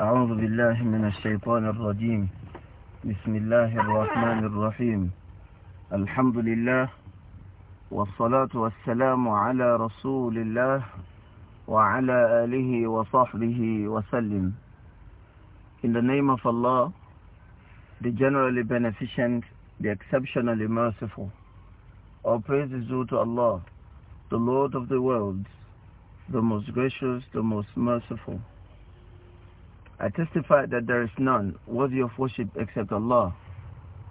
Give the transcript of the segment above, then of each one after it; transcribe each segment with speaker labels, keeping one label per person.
Speaker 1: أعوذ بالله من الشيطان الرجيم بسم الله الرحمن الرحيم الحمد لله والصلاة والسلام على رسول الله وعلى آله وصحبه وسلم In the name of Allah, the generally beneficent, the exceptionally merciful. All praise is due to Allah, the Lord of the worlds, the most gracious, the most merciful. I testify that there is none worthy of worship except Allah,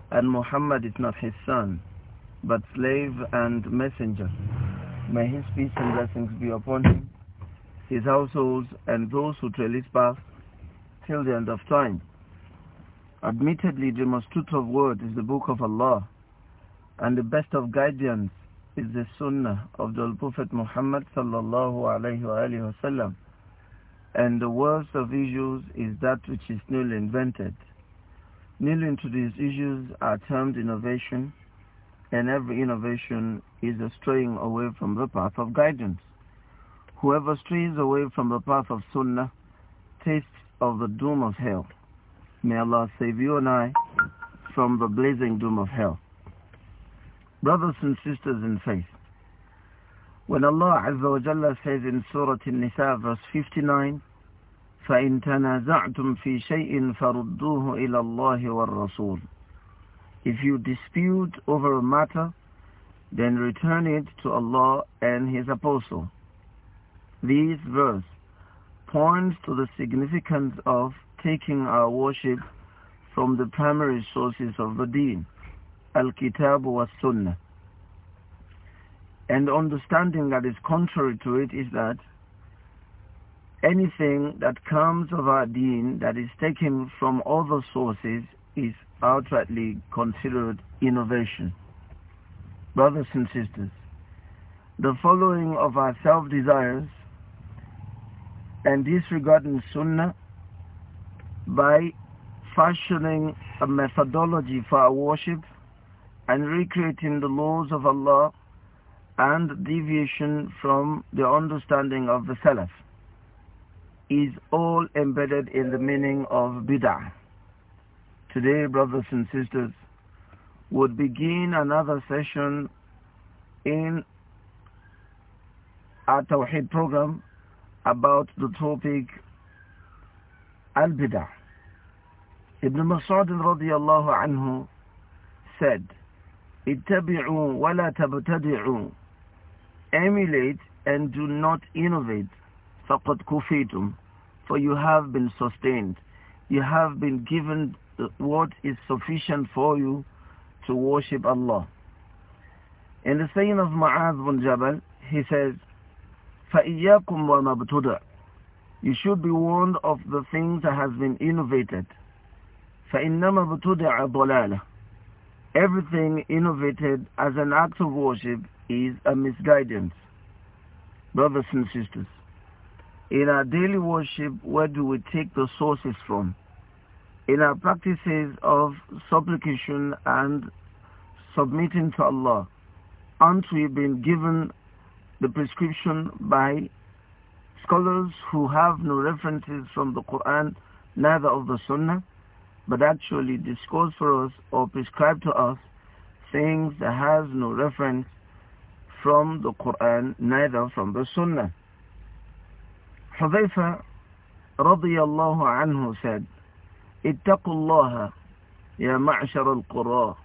Speaker 1: and Muhammad is not his son, but slave and messenger. May his peace and blessings be upon him, his households, and those who trail his path till the end of time. Admittedly, the most truthful word is the Book of Allah, and the best of guidance is the Sunnah of the Prophet Muhammad sallallahu alaihi wasallam and the worst of issues is that which is newly invented. Newly introduced issues are termed innovation, and every innovation is a straying away from the path of guidance. Whoever strays away from the path of Sunnah tastes of the doom of hell. May Allah save you and I from the blazing doom of hell. Brothers and sisters in faith, when Allah Azza wa Jalla says in Surah An-Nisa verse 59, فَإِن تَنَازَعْتُمْ فِي شَيْءٍ فَرُدُّوهُ إِلَى اللَّهِ وَالرَّسُولِ If you dispute over a matter, then return it to Allah and His Apostle. This verse points to the significance of taking our worship from the primary sources of the deen, Al-Kitab wa Sunnah. And the understanding that is contrary to it is that anything that comes of our deen that is taken from other sources is outrightly considered innovation. Brothers and sisters, the following of our self-desires and disregarding sunnah by fashioning a methodology for our worship and recreating the laws of Allah and deviation from the understanding of the Salaf is all embedded in the meaning of bid'ah. Today, brothers and sisters, would begin another session in our Tawheed program about the topic Al-Bid'ah. Ibn Mas'ud radiyallahu anhu said, اتبعوا ولا تبتدعوا emulate and do not innovate. فَقَدْ كُفِيتُمْ For you have been sustained. You have been given what is sufficient for you to worship Allah. In the saying of Ma'az bin Jabal, he says, فَإِيَّاكُمْ وَمَبْتُدَعُ You should be warned of the things that has been innovated. فَإِنَّمَا بُتُدَعَ ضَلَالَةً Everything innovated as an act of worship is a misguidance. Brothers and sisters, in our daily worship, where do we take the sources from? In our practices of supplication and submitting to Allah, aren't we being given the prescription by scholars who have no references from the Quran, neither of the Sunnah, but actually discourse for us or prescribe to us things that has no reference from the Quran, neither from the Sunnah. Hudhaifa الله عنه said, اتقوا الله يا معشر القراء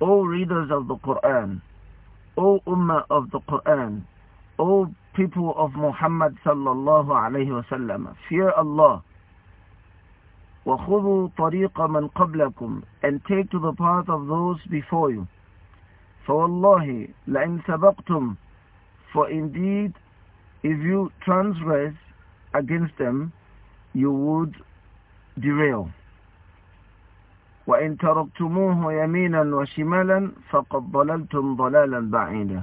Speaker 1: O readers of the Quran, O Ummah of the Quran, O people of Muhammad صلى الله عليه وسلم fear Allah. وَخُذُوا طَرِيقَ مَنْ قَبْلَكُمْ And take to the path of those before you. فوالله لئن سبقتم for indeed if you transgress against them you would derail وإن تركتموه يمينا وشمالا فقد ضللتم ضلالا بعيدا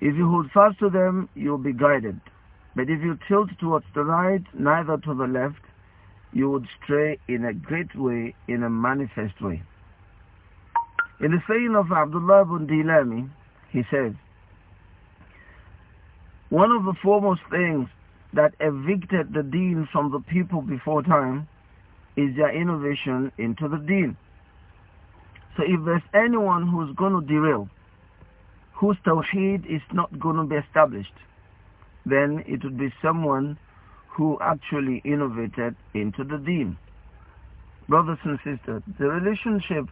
Speaker 1: If you hold fast to them, you'll be guided. But if you tilt towards the right, neither to the left, you would stray in a great way, in a manifest way. In the saying of Abdullah ibn Dilami, he says, one of the foremost things that evicted the deen from the people before time is their innovation into the deen. So if there's anyone who's going to derail, whose tawheed is not going to be established, then it would be someone who actually innovated into the deen. Brothers and sisters, the relationship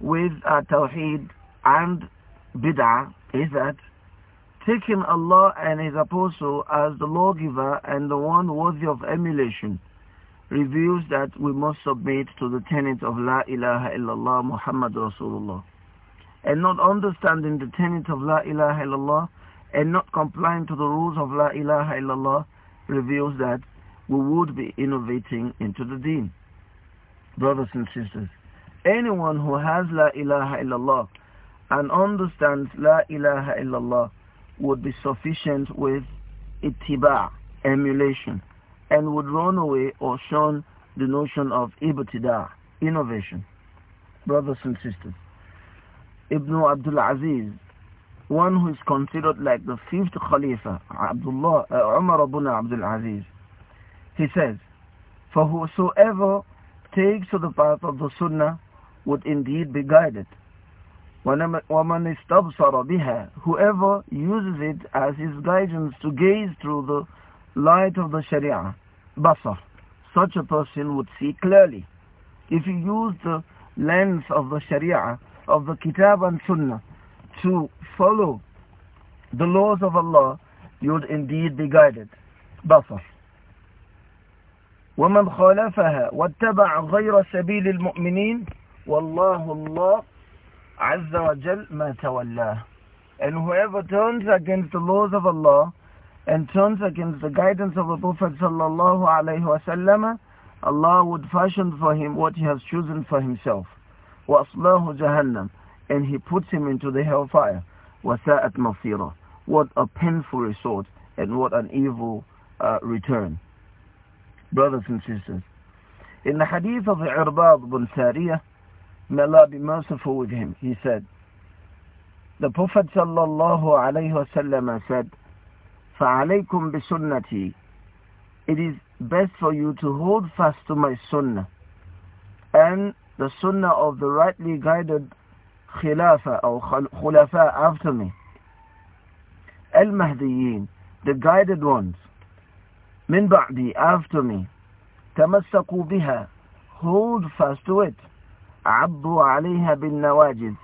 Speaker 1: with uh, Tawheed and Bid'ah is that taking Allah and His Apostle as the lawgiver and the one worthy of emulation reveals that we must submit to the tenet of La ilaha illallah Muhammad Rasulullah. And not understanding the tenet of La ilaha illallah and not complying to the rules of La ilaha illallah reveals that we would be innovating into the deen. Brothers and sisters, anyone who has La ilaha illallah and understands La ilaha illallah would be sufficient with ittiba, emulation, and would run away or shun the notion of ibtida, innovation. Brothers and sisters, Ibn Abdul Aziz, one who is considered like the fifth Khalifa, Abdullah, uh, Umar ibn Abdul Aziz, he says, For whosoever takes to the path of the Sunnah would indeed be guided. Whoever uses it as his guidance to gaze through the light of the Sharia, basar, such a person would see clearly. If he used the lens of the Sharia, of the Kitab and Sunnah, to follow the laws of Allah, you would indeed be guided. Basar. ومن خالفها واتبع غير سبيل المؤمنين وَاللَّهُ اللَّهُ عَزَّ وَجَلَّ Jal ma And whoever turns against the laws of Allah and turns against the guidance of the Prophet sallallahu alayhi wasallam, Allah would fashion for him what he has chosen for himself. وَأَصْلَاهُ جَهَنَّمْ And he puts him into the hellfire. وَسَاءَتْ مَصِيرًا What a painful resort and what an evil uh, return. Brothers and sisters, in the hadith of Irbad bin Sariyah, May Allah be merciful with him. He said, The Prophet sallallahu alayhi wasallam said, فَعَلَيْكُمْ بِسُنَّتِي It is best for you to hold fast to my sunnah and the sunnah of the rightly guided khilafa or khulafa after me. al the guided ones. من بعدي after me. تمسكوا بها hold fast to it. Abu Ali bin nawajid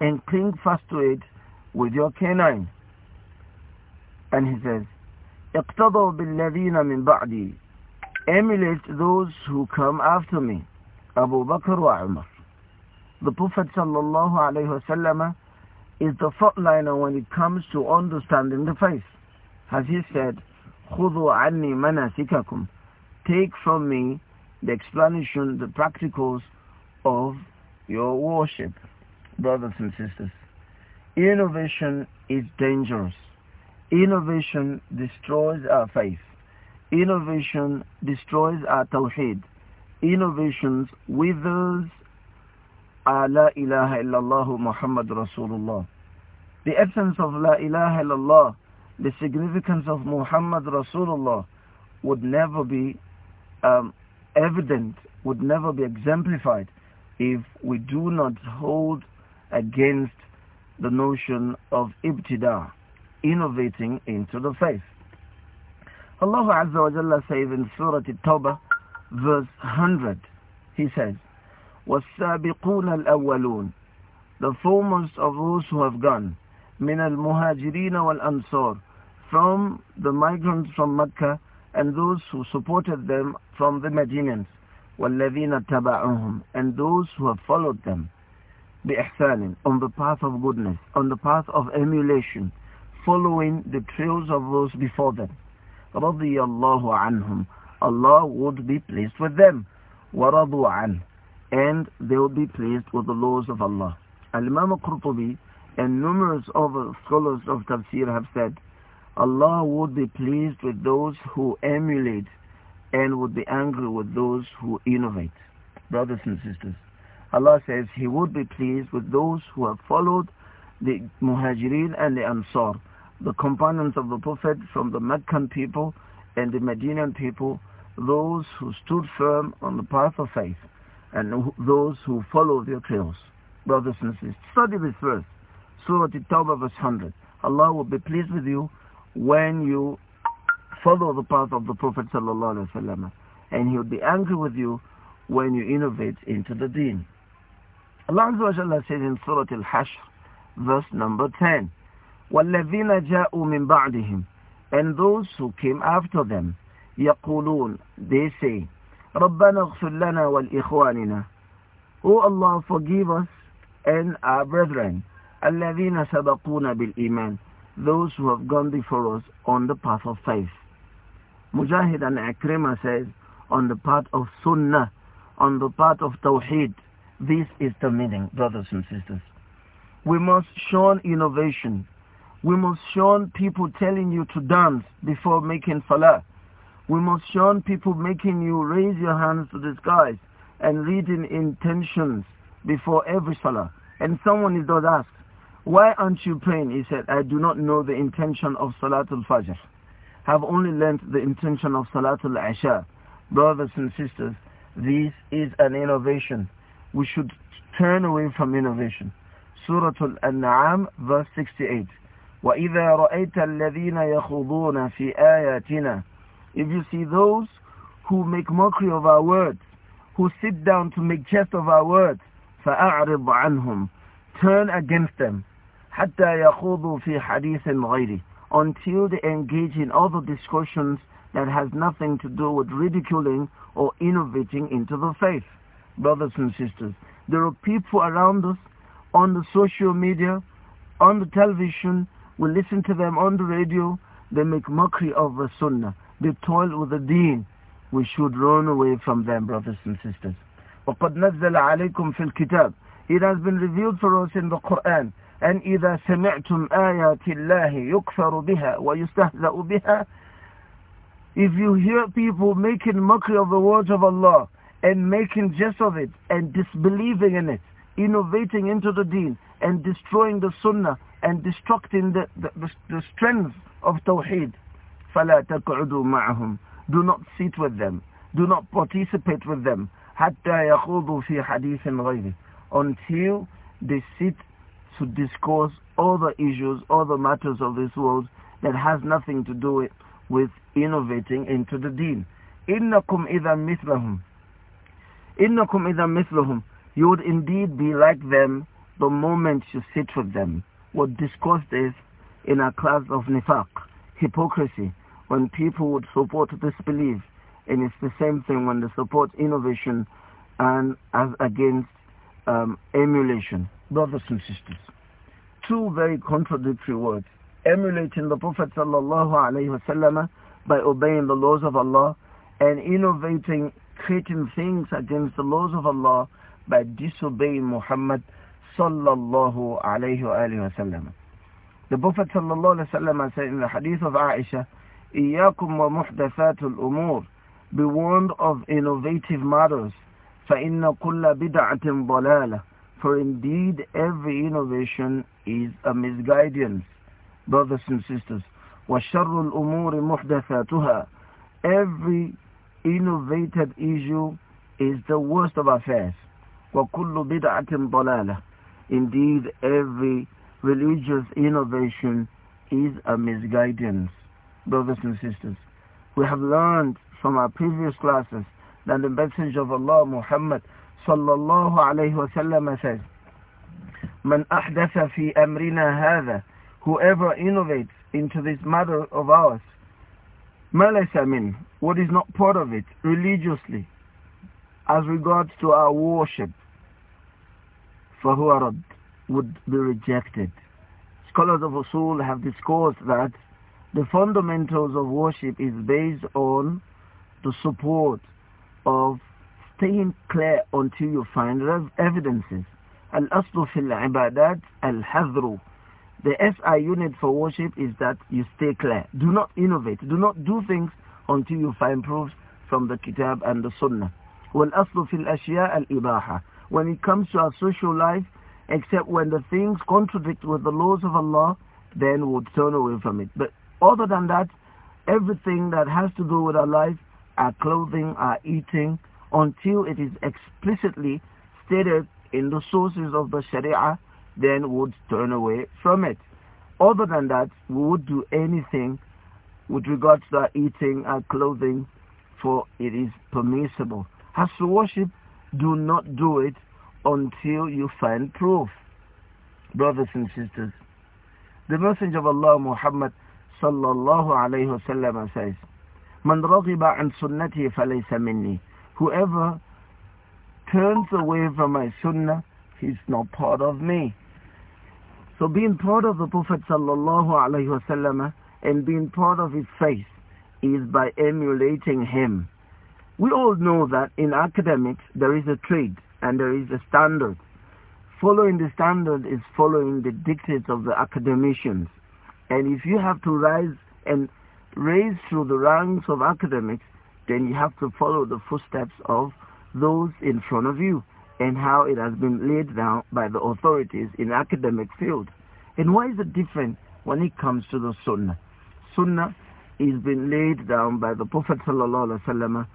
Speaker 1: and cling fast to it with your canine. And he says, اقتضوا بالذين من بعدي Emulate those who come after me, Abu Bakr wa Umar. The Prophet sallallahu alayhi wasallam is the frontliner when it comes to understanding the faith. As he said, خذوا عني مناسككم Take from me the explanation, the practicals of your worship. Brothers and sisters, innovation is dangerous. Innovation destroys our faith. Innovation destroys our tawheed. Innovations withers our la ilaha illallah Muhammad Rasulullah. The essence of la ilaha illallah, the significance of Muhammad Rasulullah would never be um, evident, would never be exemplified if we do not hold against the notion of ibtida, innovating into the faith. Allah Azza wa Jalla says in Surah At-Tawbah, verse 100, He says, وَالسَّابِقُونَ الْأَوَّلُونَ The foremost of those who have gone, مِنَ الْمُهَاجِرِينَ وَالْأَنصَارِ From the migrants from Mecca and those who supported them from the Medinians. وَالَّذِينَ تَبَعُهُمْ And those who have followed them بِإِحْسَانٍ On the path of goodness, on the path of emulation, following the trails of those before them. رَضِيَ اللَّهُ عَنْهُمْ Allah would be pleased with them. وَرَضُوا عَنْهُ And they will be pleased with the laws of Allah. Al-Imam Qurtubi and numerous other scholars of tafsir have said, Allah would be pleased with those who emulate and would be angry with those who innovate. Brothers and sisters, Allah says He would be pleased with those who have followed the Muhajirin and the Ansar, the companions of the Prophet from the Meccan people and the Medinan people, those who stood firm on the path of faith, and those who followed their trails. Brothers and sisters, study this verse, Surah At-Tawbah verse 100. Allah will be pleased with you when you follow the path of the Prophet and he would be angry with you when you innovate into the deen. Allah says in Surah Al-Hashr, verse number 10, وَالَّذِينَ جَاءُوا مِن بَعْدِهِمْ And those who came after them, يَقُولُونَ They say, رَبَّنَا اغْفِرْ لَنَا وَالْإِخْوَانِنَا O Allah, forgive us and our brethren, الَّذِينَ سَبَقُونَ بِالْإِيمَانِ Those who have gone before us on the path of faith. Mujahid and Akrima says, on the part of Sunnah, on the part of Tawheed. This is the meaning, brothers and sisters. We must shun innovation. We must shun people telling you to dance before making salah. We must shun people making you raise your hands to the skies and reading intentions before every salah. And someone is not asked, why aren't you praying? He said, I do not know the intention of Salatul Fajr have only learnt the intention of Salatul Isha. Brothers and sisters, this is an innovation. We should turn away from innovation. Surah Al-An'am, verse 68. وَإِذَا رَأَيْتَ الَّذِينَ يَخُضُونَ فِي آيَاتِنَا If you see those who make mockery of our words, who sit down to make jest of our words, فَأَعْرِضْ عَنْهُمْ Turn against them. حَتَّى يَخُوضُوا فِي حَدِيثٍ غَيْرِ until they engage in other discussions that has nothing to do with ridiculing or innovating into the faith. Brothers and sisters, there are people around us on the social media, on the television, we listen to them on the radio, they make mockery of the sunnah, they toil with the deen. We should run away from them, brothers and sisters. وَقَدْ نَزَّلَ عَلَيْكُمْ فِي الْكِتَابِ It has been revealed for us in the Quran أن إذا سمعتم آيات الله يكفر بها ويستهزأ بها If you hear people making mockery of the words of Allah and making jest of it and disbelieving in it, innovating into the deen and destroying the sunnah and destructing the, the, the, the strength of tawheed, فَلَا تَقْعُدُوا مَعَهُمْ Do not sit with them. Do not participate with them. حَتَّى يَخُوضُوا فِي حَدِيثٍ غَيْرِ Until they sit to discourse all the issues, all the matters of this world that has nothing to do with, innovating into the deen. إِنَّكُمْ mislahum. Inna kum إِذَا mislahum. You would indeed be like them the moment you sit with them. What discussed is in a class of nifaq, hypocrisy, when people would support disbelief, and it's the same thing when they support innovation and as against um, emulation brothers and sisters. Two very contradictory words. Emulating the Prophet sallallahu by obeying the laws of Allah and innovating, creating things against the laws of Allah by disobeying Muhammad sallallahu alayhi wa The Prophet sallallahu alayhi said in the hadith of Aisha, إِيَّاكُمْ وَمُحْدَثَاتُ الْأُمُورِ Be warned of innovative matters. فَإِنَّ كُلَّ بِدَعَةٍ ضَلَالَةٍ for indeed, every innovation is a misguidance. Brothers and sisters, وَشَرُّ الْأُمُورِ مُحْدَثَاتُهَا Every innovated issue is the worst of affairs. وَكُلُّ بِدْعَةٍ ضَلَالَةٍ Indeed, every religious innovation is a misguidance. Brothers and sisters, we have learned from our previous classes that the Messenger of Allah, Muhammad, sallallahu alayhi wasallam says, amrina hadha, whoever innovates into this matter of ours, malaysa what is not part of it, religiously, as regards to our worship, fahuwa would be rejected. Scholars of Usul have discoursed that the fundamentals of worship is based on the support of staying clear until you find evidences. Al-aslu fil ibadat al-hadru. The SI unit for worship is that you stay clear. Do not innovate. Do not do things until you find proofs from the kitab and the sunnah. fil فِي al-Ibaha. When it comes to our social life, except when the things contradict with the laws of Allah, then we'll turn away from it. But other than that, everything that has to do with our life, our clothing, our eating, until it is explicitly stated in the sources of the Sharia, then would turn away from it. Other than that, we would do anything with regards to our eating and clothing, for it is permissible. As to worship, do not do it until you find proof. Brothers and sisters, the Messenger of Allah Muhammad sallallahu alayhi wa sallam says, من رغب عن سنتي فليس مني Whoever turns away from my sunnah, he's not part of me. So being part of the Prophet sallallahu alaihi wasallam and being part of his faith is by emulating him. We all know that in academics there is a trade and there is a standard. Following the standard is following the dictates of the academicians. And if you have to rise and raise through the ranks of academics, then you have to follow the footsteps of those in front of you and how it has been laid down by the authorities in academic field. And why is it different when it comes to the Sunnah? Sunnah is being laid down by the Prophet ﷺ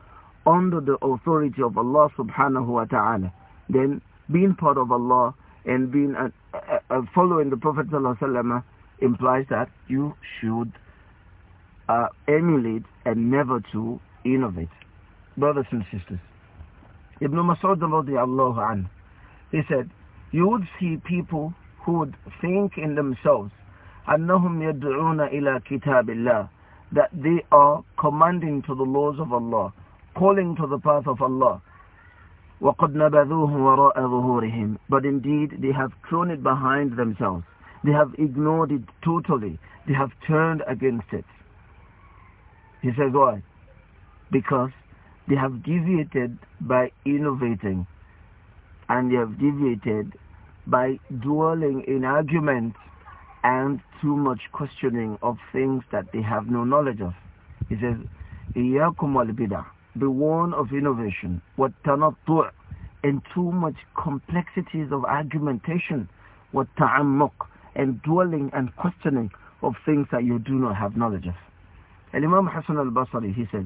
Speaker 1: under the authority of Allah subhanahu wa ta'ala. Then being part of Allah and being a, a, a following the Prophet ﷺ implies that you should uh, emulate and never to innovate. Brothers and sisters, Ibn Mas'ud radiallahu anhu, he said, you would see people who would think in themselves, أَنَّهُمْ يَدْعُونَ إِلَىٰ كِتَابِ اللَّهِ That they are commanding to the laws of Allah, calling to the path of Allah. وَقَدْ نَبَذُوهُ وَرَاءَ ظُهُورِهِمْ But indeed, they have thrown it behind themselves. They have ignored it totally. They have turned against it. He says, why? because they have deviated by innovating and they have deviated by dwelling in arguments and too much questioning of things that they have no knowledge of. He says, إِيَّاكُمْ وَالْبِدَعِ Be warned of innovation, وَالتَّنَطُّعِ And too much complexities of argumentation, وَالتَّعَمُّقِ And dwelling and questioning of things that you do not have knowledge of. And Imam Hassan al-Basri, he says,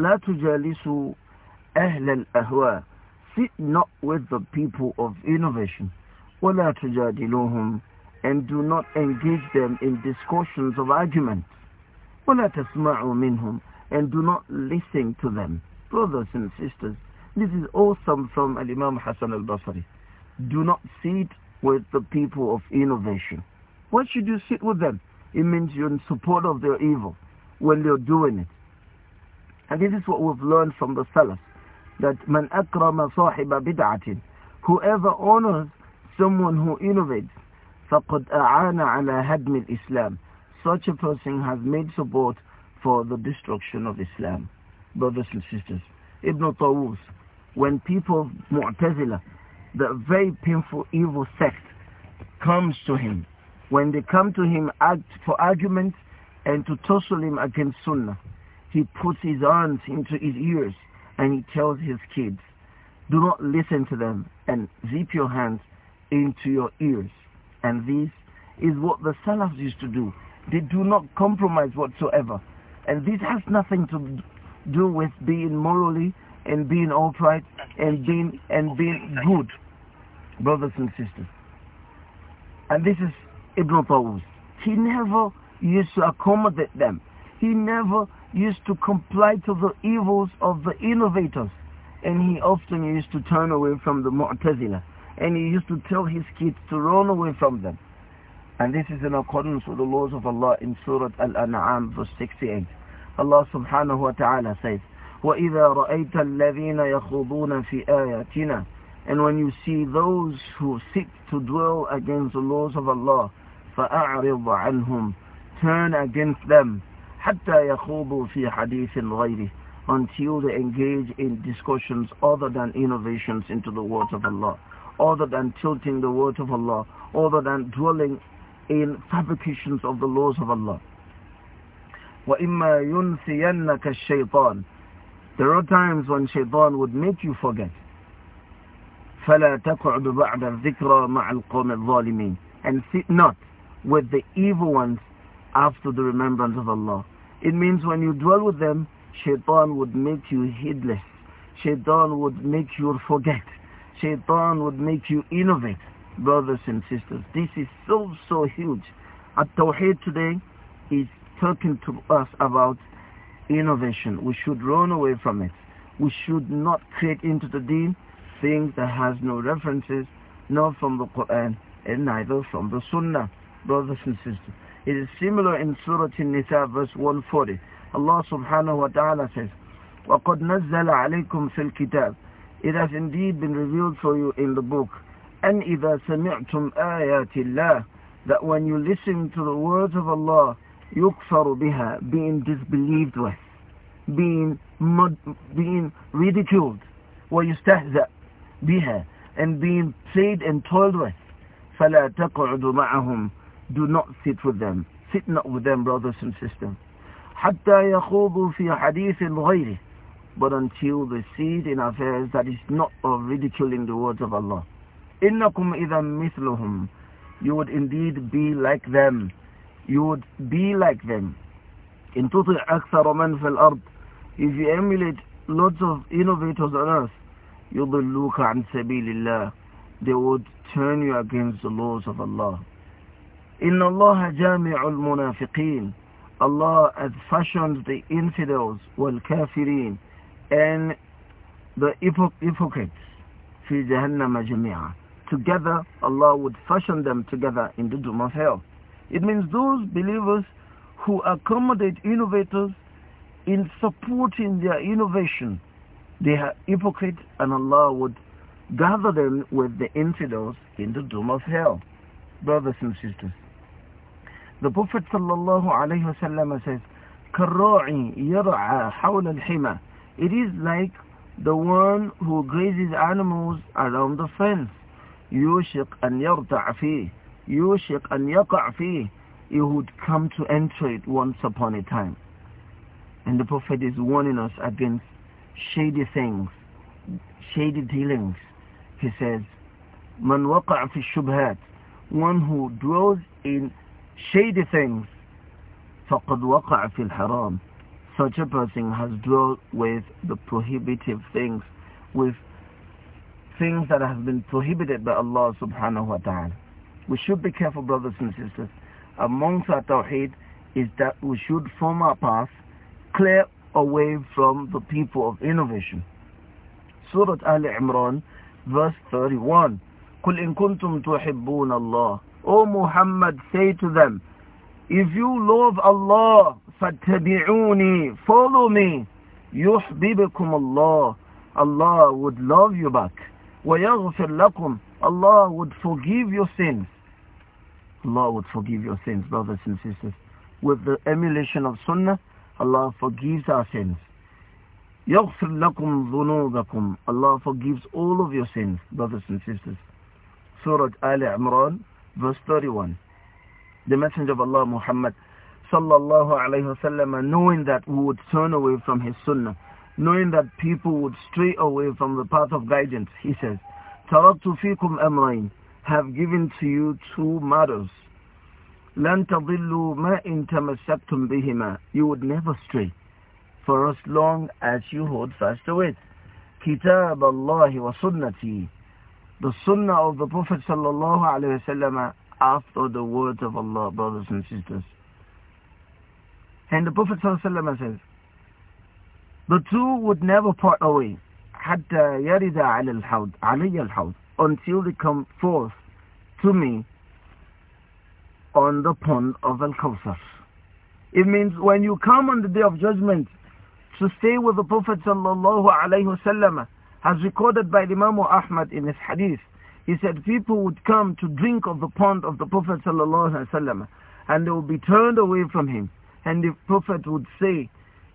Speaker 1: لا تجالسوا أهل الأهواء sit not with the people of innovation ولا تجادلوهم and do not engage them in discussions of argument ولا تسمعوا منهم and do not listen to them brothers and sisters this is awesome from Al-Imam Hassan al-Basri do not sit with the people of innovation why should you sit with them it means you're in support of their evil when they're doing it and this is what we've learned from the Salaf, that man akrama sahiba bid'atin, whoever honors someone who innovates, فَقَدْ أَعَانَ عَلَى هَدْمِ الْإِسْلَامِ Such a person has made support for the destruction of Islam. Brothers and sisters, Ibn Tawus, when people, Mu'tazila, the very painful evil sect, comes to him, when they come to him for argument and to tussle him against Sunnah, he puts his hands into his ears and he tells his kids, do not listen to them and zip your hands into your ears. And this is what the Salafs used to do. They do not compromise whatsoever. And this has nothing to do with being morally and being upright and being and being good, brothers and sisters. And this is Ibn Tawus. He never used to accommodate them. He never used to comply to the evils of the innovators. And he often used to turn away from the Mu'tazila. And he used to tell his kids to run away from them. And this is in accordance with the laws of Allah in Surah Al-An'am verse 68. Allah subhanahu wa ta'ala says, وَإِذَا رَأَيْتَ الَّذِينَ يَخُضُونَ فِي آيَاتِنَا And when you see those who seek to dwell against the laws of Allah, فَأَعْرِضْ عَنْهُمْ Turn against them. حتى يخوضوا في حديث غيره until they engage in discussions other than innovations into the words of Allah, other than tilting the words of Allah, other than dwelling in fabrications of the laws of Allah. وَإِمَّا يُنْسِيَنَّكَ الشَّيْطَانِ There are times when shaitan would make you forget. فَلَا تَقْعُدْ بَعْدَ الذِّكْرَ مَعَ الْقَوْمِ الظَّالِمِينَ And sit not with the evil ones after the remembrance of Allah. It means when you dwell with them, shaitan would make you heedless. Shaitan would make you forget. Shaitan would make you innovate. Brothers and sisters, this is so, so huge. At Tawheed today is talking to us about innovation. We should run away from it. We should not create into the deen things that has no references, not from the Quran and neither from the Sunnah. Brothers and sisters, it is similar in Surah An-Nisa verse 140. Allah subhanahu wa ta'ala says, وَقَدْ نَزَّلَ عَلَيْكُمْ فِي الْكِتَابِ It has indeed been revealed for you in the book. And إِذَا سَمِعْتُمْ آيَاتِ اللَّهِ That when you listen to the words of Allah, يُكْفَرُ بِهَا Being disbelieved with, being, mud, being ridiculed, وَيُسْتَهْزَأْ بِهَا And being played and told with. فَلَا تَقْعُدُ مَعَهُمْ do not sit with them. Sit not with them, brothers and sisters. حَتَّى يَخُوضُوا فِي حَدِيثٍ But until they see in affairs that is not of ridiculing the words of Allah. إِنَّكُمْ إِذَا مِثْلُهُمْ You would indeed be like them. You would be like them. إِن تُطِعْ أَكْثَرَ مَنْ فِي الْأَرْضِ If you emulate lots of innovators on earth, يُضِلُّكَ عَنْ سَبِيلِ اللَّهِ They would turn you against the laws of Allah. إِنَّ اللَّهَ جَامِعُ الْمُنَافِقِينَ Allah has fashioned the infidels والكافرين and the hypocrites في جهنم جميعا together Allah would fashion them together in the doom of hell it means those believers who accommodate innovators in supporting their innovation they are hypocrites and Allah would gather them with the infidels in the doom of hell brothers and sisters the Prophet sallallahu alayhi wasallam says, كَالرَّاعِ يَرْعَى حَوْلَ الْحِمَى It is like the one who grazes animals around the fence. يُوشِقْ أَنْ يَرْتَعْ فِيهِ يُوشِقْ أَنْ يَقَعْ فِيهِ He would come to enter it once upon a time. And the Prophet is warning us against shady things, shady dealings. He says, مَنْ وَقَعْ فِي الشُّبْهَاتِ One who dwells in shady things فقد وقع في الحرام such a person has dwelt with the prohibitive things with things that have been prohibited by Allah subhanahu wa ta'ala we should be careful brothers and sisters amongst our tawheed is that we should form our path clear away from the people of innovation Surah Al Imran verse 31 قل إن كنتم تحبون الله O Muhammad, say to them, if you love Allah, فَاتَّبِعُونِي Follow me. يُحْبِبَكُمْ اللَّهُ Allah would love you back. وَيَغْفِرْ لَكُمْ Allah would forgive your sins. Allah would forgive your sins, brothers and sisters. With the emulation of Sunnah, Allah forgives our sins. يَغْفِرْ لَكُمْ ذُنُوبَكُمْ Allah forgives all of your sins, brothers and sisters. Surah Al Imran, verse 31. The Messenger of Allah Muhammad sallallahu alayhi wasallam knowing that we would turn away from his sunnah, knowing that people would stray away from the path of guidance, he says, Taraktu fikum amrayn, have given to you two matters. لن تضلوا ما إن تمسكتم بهما. You would never stray for as long as you hold fast to it. كتاب الله وسنتي the sunnah of the Prophet sallallahu alayhi wasallam after the words of Allah, brothers and sisters. And the Prophet sallallahu alayhi wasallam says, the two would never part away, حتى yarida al الحوض until they come forth to me on the pond of Al-Kawthar. It means when you come on the day of judgment to stay with the Prophet sallallahu alayhi wasallam as recorded by Imam Ahmad in his hadith, he said people would come to drink of the pond of the Prophet sallallahu and they would be turned away from him. And the Prophet would say,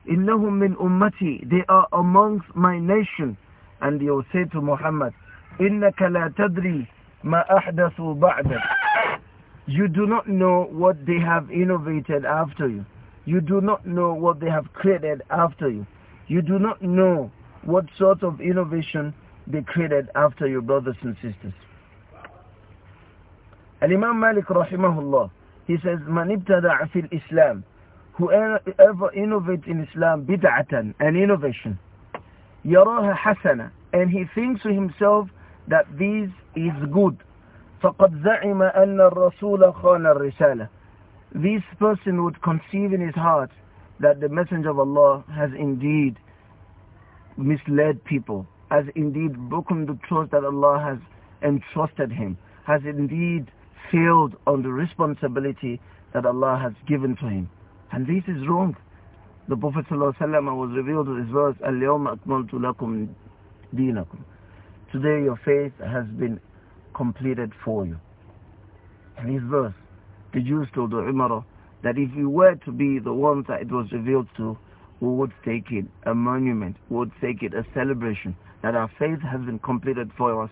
Speaker 1: Innahum min ummati, they are amongst my nation. And he would say to Muhammad, Innaka la tadri ma ahdathu You do not know what they have innovated after you. You do not know what they have created after you. You do not know what sort of innovation they created after your brothers and sisters. And imam Malik rahimahullah, he says, Man al fil Islam, whoever innovates in Islam bid'atan, an innovation, yaraha hasana, and he thinks to himself that this is good. فَقَدْ زَعِمَ أَنَّ الرَّسُولَ خَانَ الرِّسَالَةِ This person would conceive in his heart that the Messenger of Allah has indeed misled people, has indeed broken the trust that Allah has entrusted him, has indeed failed on the responsibility that Allah has given to him. And this is wrong. The Prophet ﷺ was revealed with his verse, Al-Yawma Akmaltu Lakum Dinakum. Today your faith has been completed for you. And his verse, the Jews told the Umar that if you were to be the ones that it was revealed to, we would take it a monument, we would take it a celebration that our faith has been completed for us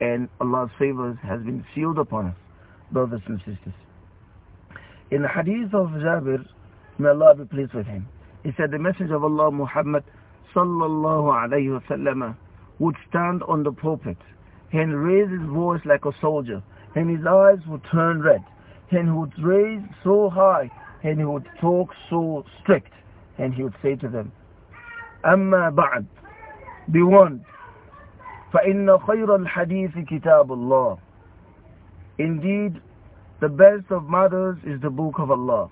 Speaker 1: and Allah's favors has been sealed upon us, brothers and sisters. In the hadith of Jabir, may Allah be pleased with him, he said the message of Allah Muhammad sallallahu alayhi wasallam would stand on the pulpit and raise his voice like a soldier and his eyes would turn red and he would raise so high and he would talk so strict and he would say to them, أما بعد Be warned. فإن خير الحديث كتاب الله Indeed, the best of matters is the book of Allah.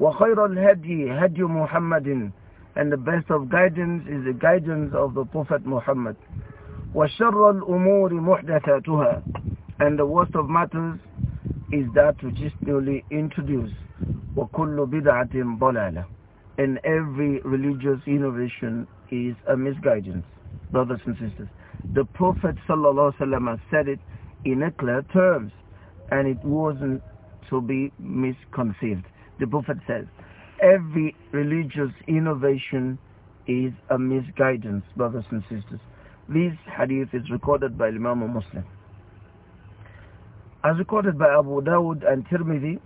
Speaker 1: وخير الهدي هدي محمد And the best of guidance is the guidance of the Prophet Muhammad. وشر الأمور محدثاتها And the worst of matters is that which is newly introduced. وكل بدعة ضلالة and every religious innovation is a misguidance, brothers and sisters. The Prophet ﷺ said it in clear terms, and it wasn't to be misconceived. The Prophet says, every religious innovation is a misguidance, brothers and sisters. This hadith is recorded by Imam Muslim. As recorded by Abu Dawud and Tirmidhi,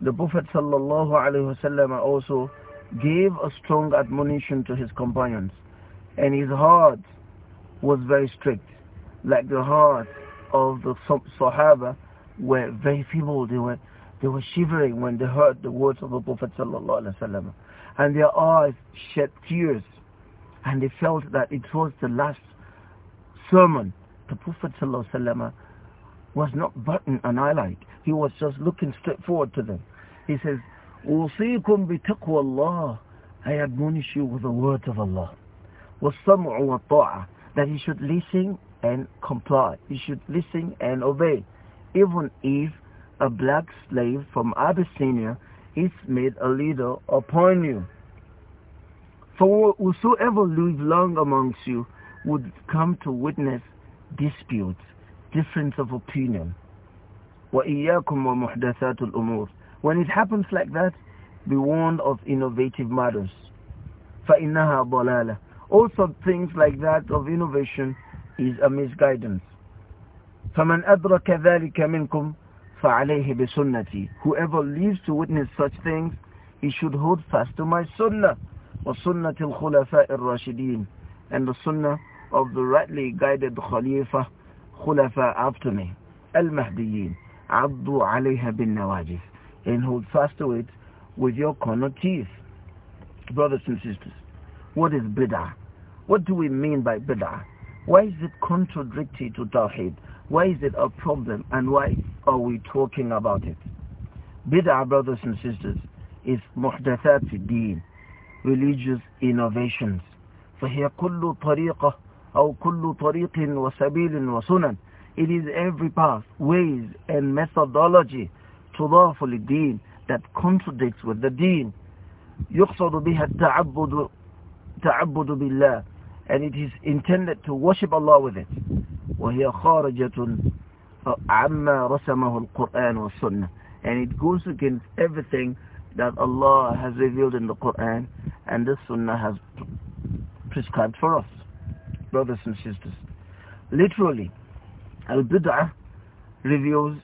Speaker 1: the Prophet ﷺ also gave a strong admonition to his companions, and his heart was very strict, like the heart of the Sahaba were very feeble. They were, they were shivering when they heard the words of the Prophet ﷺ, and their eyes shed tears, and they felt that it was the last sermon. The Prophet ﷺ was not button an eyelid; he was just looking straight forward to them. He says, أوصيكم بتقوى الله I admonish you with the words of Allah والسمع والطاعة that you should listen and comply you should listen and obey even if a black slave from Abyssinia is made a leader upon you for whosoever lives long amongst you would come to witness disputes difference of opinion وإياكم ومحدثات الأمور when it happens like that, be warned of innovative matters. فَإِنَّهَا ضَلَالَةٌ Also things like that of innovation is a misguidance. فَمَنْ أَدْرَكَ ذَلِكَ مِنْكُمْ فَعَلَيْهِ بِسُنَّتِي Whoever lives to witness such things, he should hold fast to my sunnah. وَسُنَّةِ الْخُلَفَاءِ الرَّاشِدِينَ And the sunnah of the rightly guided khalifa, khulafa after me. Al-Mahdiyin. عَضُّوا عَلَيْهَا بِالنَّوَاجِفِ and hold fast to it with your corner teeth. Brothers and sisters, what is bid'ah? What do we mean by bid'ah? Why is it contradictory to Tawheed? Why is it a problem and why are we talking about it? Bid'ah, brothers and sisters, is muhdathat deen, religious innovations. فهي كل طريقة أو كل طريق وسبيل وسنن. It is every path, ways and methodology تضاف للدين that contradicts with the deen يقصد بها التعبد تعبد بالله and it is intended to worship Allah with it وهي خارجة عما رسمه القرآن والسنة and it goes against everything that Allah has revealed in the Quran and this Sunnah has prescribed for us brothers and sisters literally al-bid'ah reveals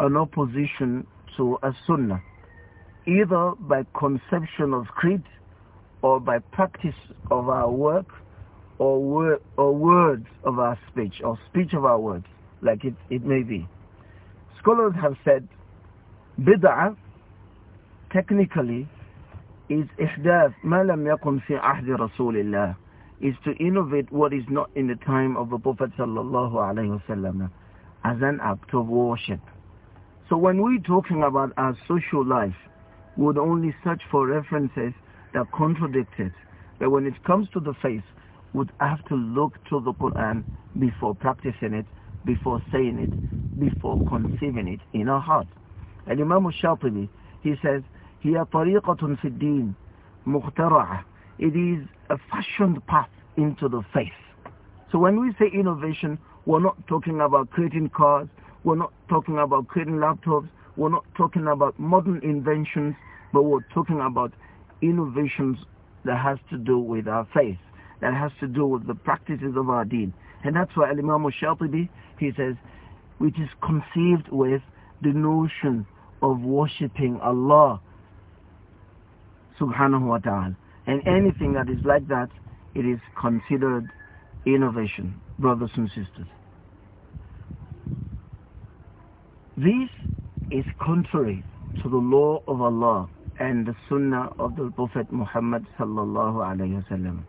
Speaker 1: an opposition to a sunnah, either by conception of creed or by practice of our work or, wor or words of our speech or speech of our words, like it, it may be. Scholars have said bid'ah technically is ihdath ma lam yakun fi ahdi rasulillah is to innovate what is not in the time of the prophet sallallahu alayhi wasallam as an act of worship so when we're talking about our social life, we would only search for references that contradict it. But when it comes to the faith, would have to look to the Quran before practicing it, before saying it, before conceiving it in our heart. And Imam Shatibi, he says, هي طريقة في الدين مخترعة. It is a fashioned path into the faith. So when we say innovation, we're not talking about creating cars, we're not talking about creating laptops. We're not talking about modern inventions, but we're talking about innovations that has to do with our faith, that has to do with the practices of our deen. And that's why Imam Shatibi, he says, which is conceived with the notion of worshipping Allah subhanahu wa ta'ala. And anything that is like that, it is considered innovation, brothers and sisters. This is contrary to the law of Allah and the sunnah of the Prophet Muhammad sallallahu alayhi wasallam.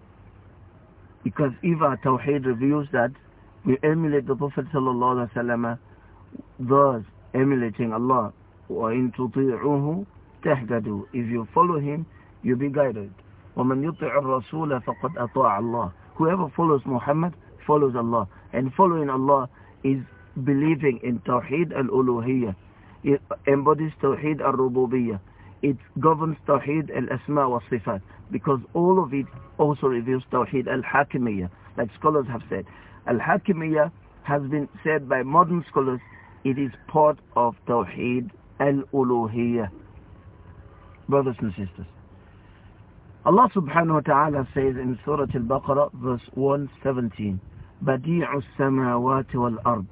Speaker 1: Because if our tawheed reveals that we emulate the Prophet sallallahu alayhi wasallam, thus emulating Allah, وَإِن تُطِيعُوهُ تَهْتَدُوا If you follow him, you'll be guided. وَمَن يُطِعُ الرَّسُولَ فَقَدْ أَطَاعَ اللَّهُ Whoever follows Muhammad follows Allah. And following Allah is believing in Tawheed al uluhiyya It embodies Tawheed al rububiyya It governs Tawheed al-Asma wa Sifat because all of it also reveals Tawheed al hakimiyya like scholars have said. al hakimiyya has been said by modern scholars, it is part of Tawheed al uluhiyya Brothers and sisters, Allah subhanahu wa ta'ala says in Surah Al-Baqarah verse 117, بَدِيعُ السَّمَاوَاتِ وَالْأَرْضِ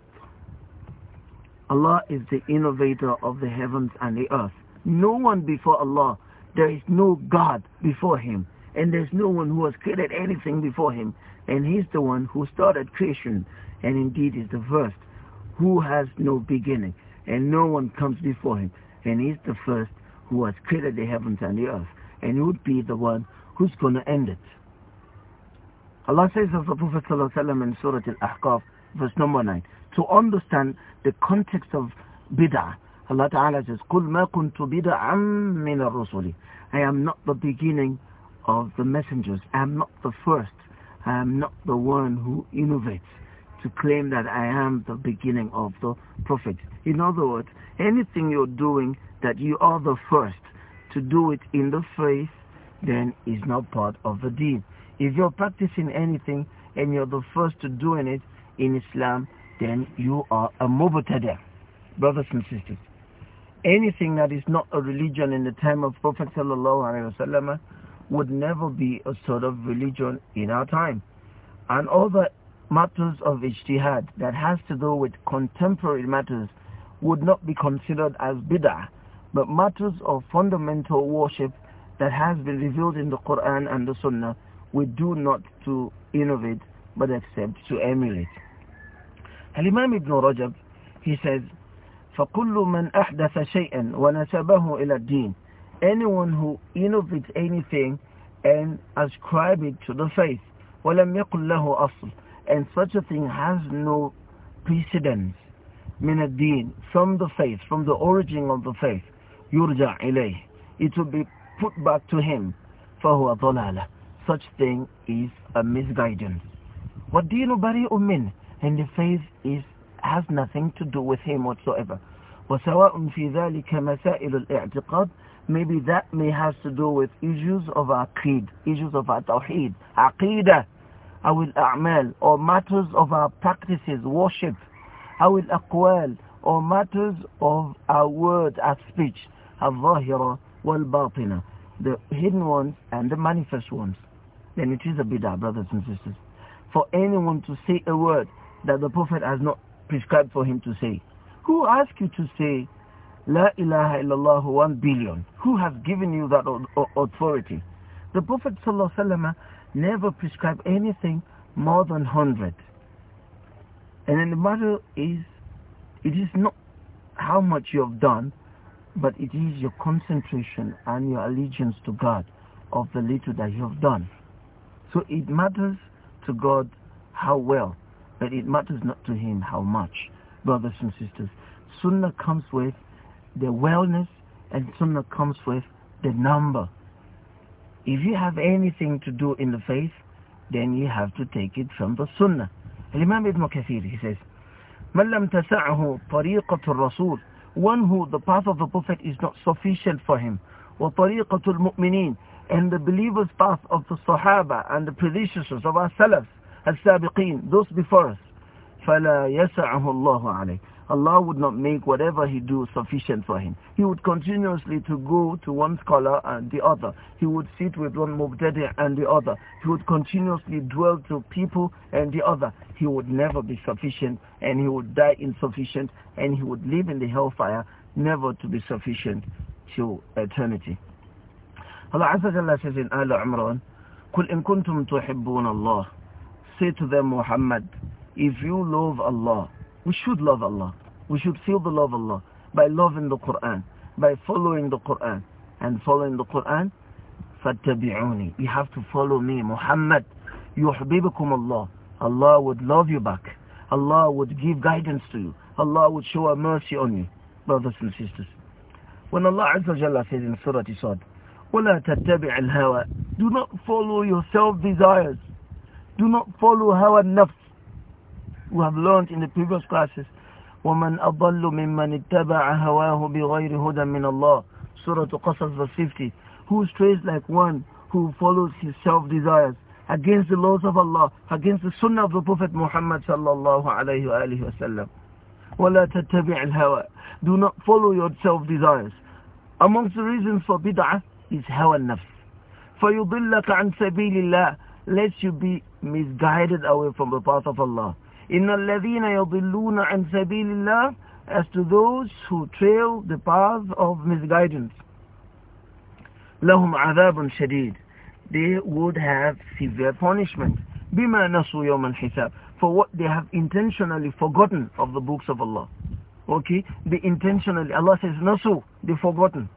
Speaker 1: Allah is the innovator of the heavens and the earth. No one before Allah. There is no God before him. And there's no one who has created anything before him. And he's the one who started creation and indeed is the first who has no beginning and no one comes before him. And he's the first who has created the heavens and the earth. And he would be the one who's going to end it. Allah says of the Prophet in Surah Al-Ahqaf, verse number 9, to understand the context of bid'ah. Allah Ta'ala says, قُلْ مَا كُنْتُ بِدَعًا مِنَ الرُّسُلِ I am not the beginning of the messengers. I am not the first. I am not the one who innovates to claim that I am the beginning of the prophets. In other words, anything you're doing that you are the first to do it in the faith, then is not part of the deed. If you're practicing anything and you're the first to doing it in Islam, then you are a mubtada. Brothers and sisters, anything that is not a religion in the time of Prophet sallallahu would never be a sort of religion in our time. And all the matters of ijtihad that has to do with contemporary matters would not be considered as bid'ah, but matters of fundamental worship that has been revealed in the Quran and the Sunnah, we do not to innovate, but accept to emulate. الإمام ابن رجب he says فكل من أحدث شيئا ونسبه إلى الدين anyone who innovates anything and ascribe it to the faith ولم يقل له أصل and such a thing has no precedence من الدين from the faith from the origin of the faith يرجع إليه it will be put back to him فهو ضلالة such thing is a misguidance وَدِينُ بريء منه and the faith is has nothing to do with him whatsoever. وسواء في ذلك مسائل الاعتقاد maybe that may has to do with issues of our creed, issues of our tawheed, aqidah, our a'mal, or matters of our practices, worship, our aqwal, or matters of our word, our speech, al-zahira wal-batina, the hidden ones and the manifest ones. Then it is a bid'ah, brothers and sisters. For anyone to say a word that the Prophet has not prescribed for him to say? Who asked you to say La ilaha illallah one billion? Who has given you that authority? The Prophet never prescribed anything more than hundred. And then the matter is, it is not how much you have done, but it is your concentration and your allegiance to God of the little that you have done. So it matters to God how well that it matters not to him how much. Brothers and sisters, Sunnah comes with the wellness and Sunnah comes with the number. If you have anything to do in the faith, then you have to take it from the Sunnah. Imam Ibn Kathir, he says, من لم تسعه طريقة الرسول One who the path of the Prophet is not sufficient for him. وطريقة المؤمنين And the believer's path of the Sahaba and the predecessors of our Salaf السابقين those before us فَلَا يَسَعَهُ اللَّهُ عَلَيْهِ Allah would not make whatever he do sufficient for him. He would continuously to go to one scholar and the other. He would sit with one mubtadi and the other. He would continuously dwell to people and the other. He would never be sufficient and he would die insufficient and he would live in the hellfire never to be sufficient to eternity. Allah Azza wa Jalla says in Al-Imran, قُلْ إِن كُنْتُمْ تُحِبُّونَ اللَّهِ say to them, Muhammad, if you love Allah, we should love Allah. We should feel the love of Allah by loving the Quran, by following the Quran. And following the Quran, فَاتَّبِعُونِي You have to follow me, Muhammad. يُحْبِبُكُمْ Allah. Allah would love you back. Allah would give guidance to you. Allah would show a mercy on you, brothers and sisters. When Allah Azza Jalla says in Surah Isad, وَلَا تَتَّبِعِ الْهَوَى Do not follow your self-desires. Do not follow hawa nafs. We have learned in the previous classes. وَمَنْ أَضَلُّ مِمَّنِ اتَّبَعَ هَوَاهُ بِغَيْرِ هُدًى مِنَ اللَّهِ Surah Qasas verse 50. Who strays like one who follows his self-desires against the laws of Allah, against the sunnah of the Prophet Muhammad sallallahu alayhi wa alihi wasallam. وَلَا تَتَّبِعِ الْهَوَى Do not follow your self-desires. Amongst the reasons for bid'ah is hawa nafs. فَيُضِلَّكَ عَنْ سَبِيلِ اللَّهِ Lest you be misguided away from the path of Allah. إِنَّ الَّذِينَ يَضِلُّونَ عَنْ سَبِيلِ اللَّهِ As to those who trail the path of misguidance. لَهُمْ عَذَابٌ شَدِيدٌ They would have severe punishment. بِمَا نَسُوا يَوْمَ الْحِسَابِ For what they have intentionally forgotten of the books of Allah. Okay? They intentionally, Allah says, nasu, They forgotten.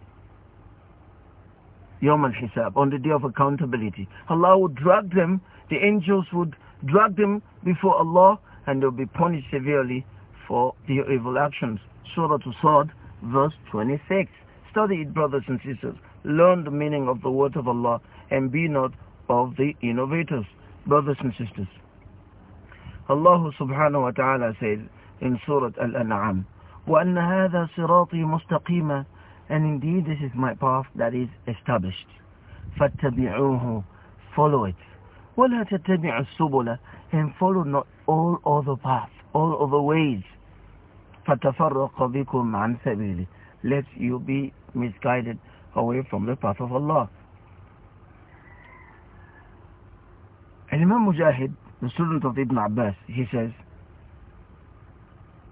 Speaker 1: Yom al-Hisab, on the day of accountability. Allah will drag them the angels would drag them before Allah and they'll be punished severely for their evil actions. Surah to Sad, verse 26. Study it, brothers and sisters. Learn the meaning of the word of Allah and be not of the innovators, brothers and sisters. Allah subhanahu wa ta'ala says in Surah Al-An'am, وَأَنَّ هَذَا صِرَاطِي مُسْتَقِيمًا And indeed this is my path that is established. فَاتَّبِعُوهُ Follow it. وَلَا تَتَّبِعُ السُّبُلَ And follow not all other paths, all other ways. فَتَفَرَّقَ بِكُمْ عَنْ سَبِيلِ let you be misguided away from the path of Allah. And Imam Mujahid, the student of Ibn Abbas, he says,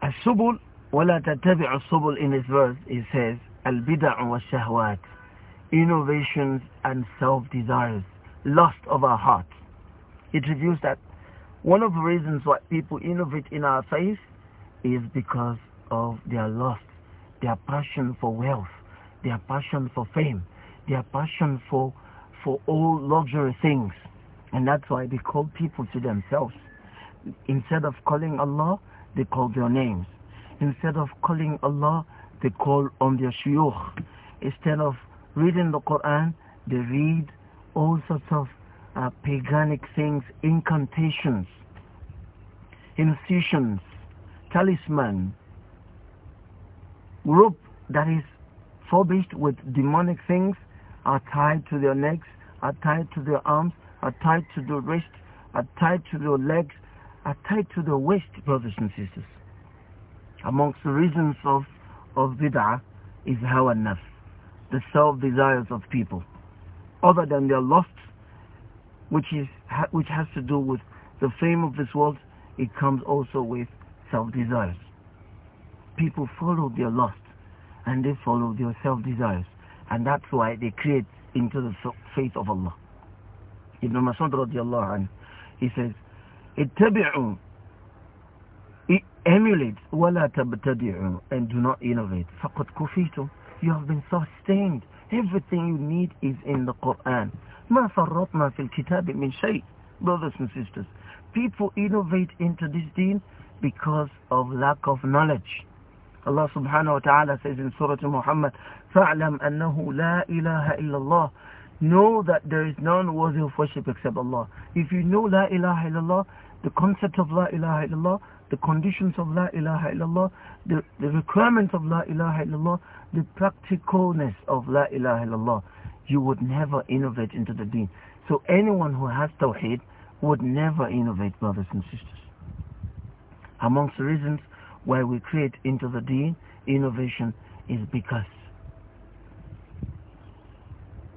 Speaker 1: السبل ولا تتبع السبل in his verse he says البدع والشهوات innovations and self-desires lust of our heart it reveals that one of the reasons why people innovate in our faith is because of their lust, their passion for wealth, their passion for fame, their passion for, for all luxury things. And that's why they call people to themselves. Instead of calling Allah, they call their names. Instead of calling Allah, they call on their shuyukh. Instead of reading the Quran, they read all sorts of uh, paganic things, incantations, incisions, talisman, rope that is furbished with demonic things are tied to their necks, are tied to their arms, are tied to their wrists, are tied to their legs, are tied to their waist, brothers and sisters. Amongst the reasons of, of bid'ah is and nafs, the self-desires of people, other than their lusts which is which has to do with the fame of this world, it comes also with self-desires. People follow their lust and they follow their self-desires. And that's why they create into the faith of Allah. Ibn Masud radiallahu anh, he says, اتبعوا emulate ولا تبتدعوا and do not innovate فقد كفيتم you have been sustained everything you need is in the Quran ما فرطنا في الكتاب من شيء brothers and sisters people innovate into this deen because of lack of knowledge Allah subhanahu wa ta'ala says in Surah Muhammad فَاعْلَمْ أَنَّهُ لَا إِلَهَ إِلَّا اللَّهُ Know that there is none worthy of worship except Allah. If you know La ilaha illallah, the concept of La ilaha illallah, the conditions of La ilaha illallah, the, the requirements of La ilaha illallah, the practicalness of La ilaha illallah, you would never innovate into the deen. So anyone who has tawheed would never innovate, brothers and sisters. Amongst the reasons why we create into the deen innovation is because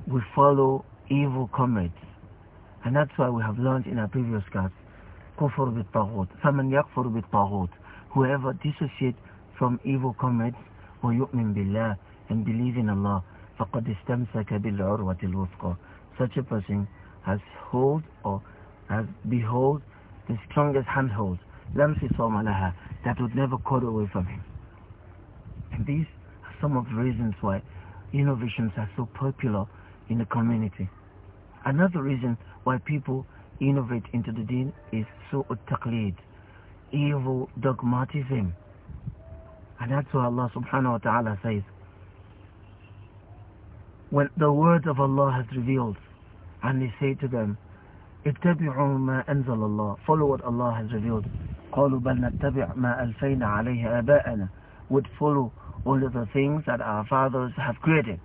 Speaker 1: we follow evil comrades. And that's why we have learned in our previous class, kufr bit taghut, faman yakfur bit taghut. Whoever dissociate from evil comrades, or yu'min billah, and believe in Allah, فَقَدْ اسْتَمْسَكَ بِالْعُرْوَةِ الْوُثْقَى Such a person has hold or has behold the strongest handhold لَمْ فِصَوْمَ لَهَا that would never cut away from him. And these are some of the reasons why innovations are so popular in the community. Another reason why people innovate into the deen is so taqleed, evil dogmatism. And that's why Allah subhanahu wa ta'ala says, when the word of Allah has revealed and they say to them اتبعوا ما أنزل الله follow what Allah has revealed قالوا بل نتبع ما ألفينا عليه آباءنا would follow all of the things that our fathers have created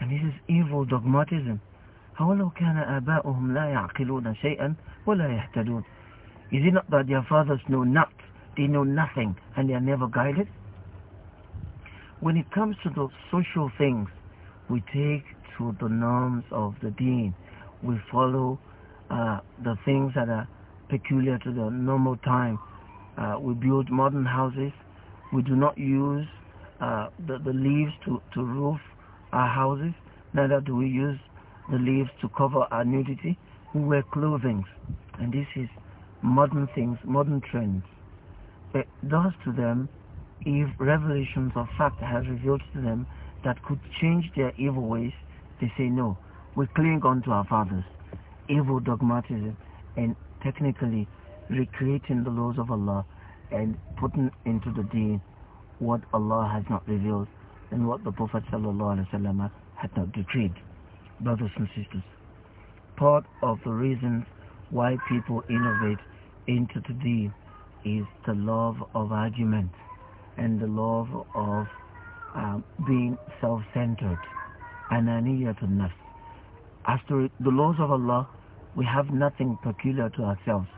Speaker 1: and this is evil dogmatism أولو كان آباؤهم لا يعقلون شيئا ولا يهتدون Is it not that their fathers know not, they know nothing and they are never guided? When it comes to the social things, we take to the norms of the deen. We follow uh, the things that are peculiar to the normal time. Uh, we build modern houses. We do not use uh, the, the, leaves to, to roof our houses. Neither do we use the leaves to cover our nudity. We wear clothing. And this is modern things, modern trends. It does to them if revelations of fact has revealed to them that could change their evil ways, they say no. We cling on to our fathers. Evil dogmatism and technically recreating the laws of Allah and putting into the deen what Allah has not revealed and what the Prophet ﷺ had not decreed. Brothers and sisters, part of the reasons why people innovate into the deen is the love of argument and the love of uh, being self-centered. Ananiyatun nafs. As to the laws of Allah, we have nothing peculiar to ourselves.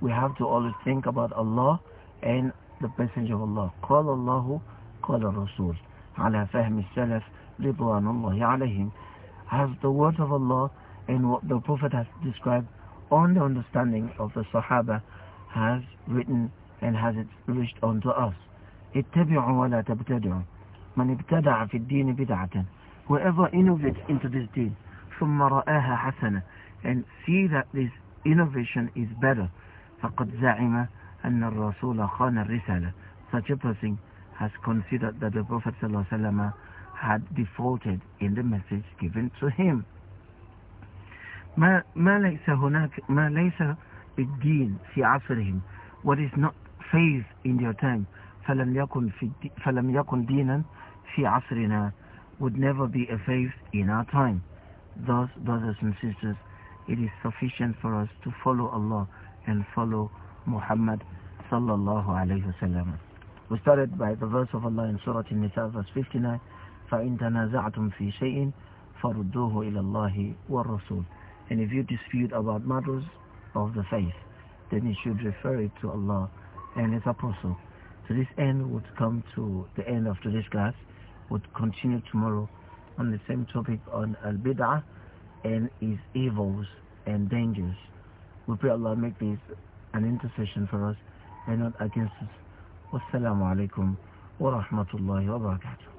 Speaker 1: We have to always think about Allah and the Messenger of Allah. Call الله call Rasul. على فهم Salaf رضوان has the words of Allah and what the Prophet has described on the understanding of the Sahaba has written and has it reached unto us. اتبعوا ولا تبتدعوا من ابتدع في الدين بدعة whoever innovates into this deen ثم رآها حسنة and see that this innovation is better فقد زعم أن الرسول خان الرسالة such a person has considered that the Prophet صلى الله عليه وسلم had defaulted in the message given to him ما, ما ليس هناك ما ليس بالدين في عصرهم what is not faith in their time فلم يكن في فلم يكن دينا في عصرنا would never be effaced in our time. Thus, brothers and sisters, it is sufficient for us to follow Allah and follow Muhammad sallallahu alayhi wasallam. We started by the verse of Allah in Surah An-Nisa verse 59, فَإِن تَنَازَعْتُمْ فِي شَيْءٍ فَرُدُّوهُ إِلَى اللَّهِ وَالرَّسُولِ And if you dispute about matters of the faith, then you should refer it to Allah and His Apostle. To this end would come to the end of today's class would continue tomorrow on the same topic on al-bid'ah and its evils and dangers. We pray Allah make this an intercession for us and not against us. Wassalamu alaikum wa rahmatullahi wa barakatuh.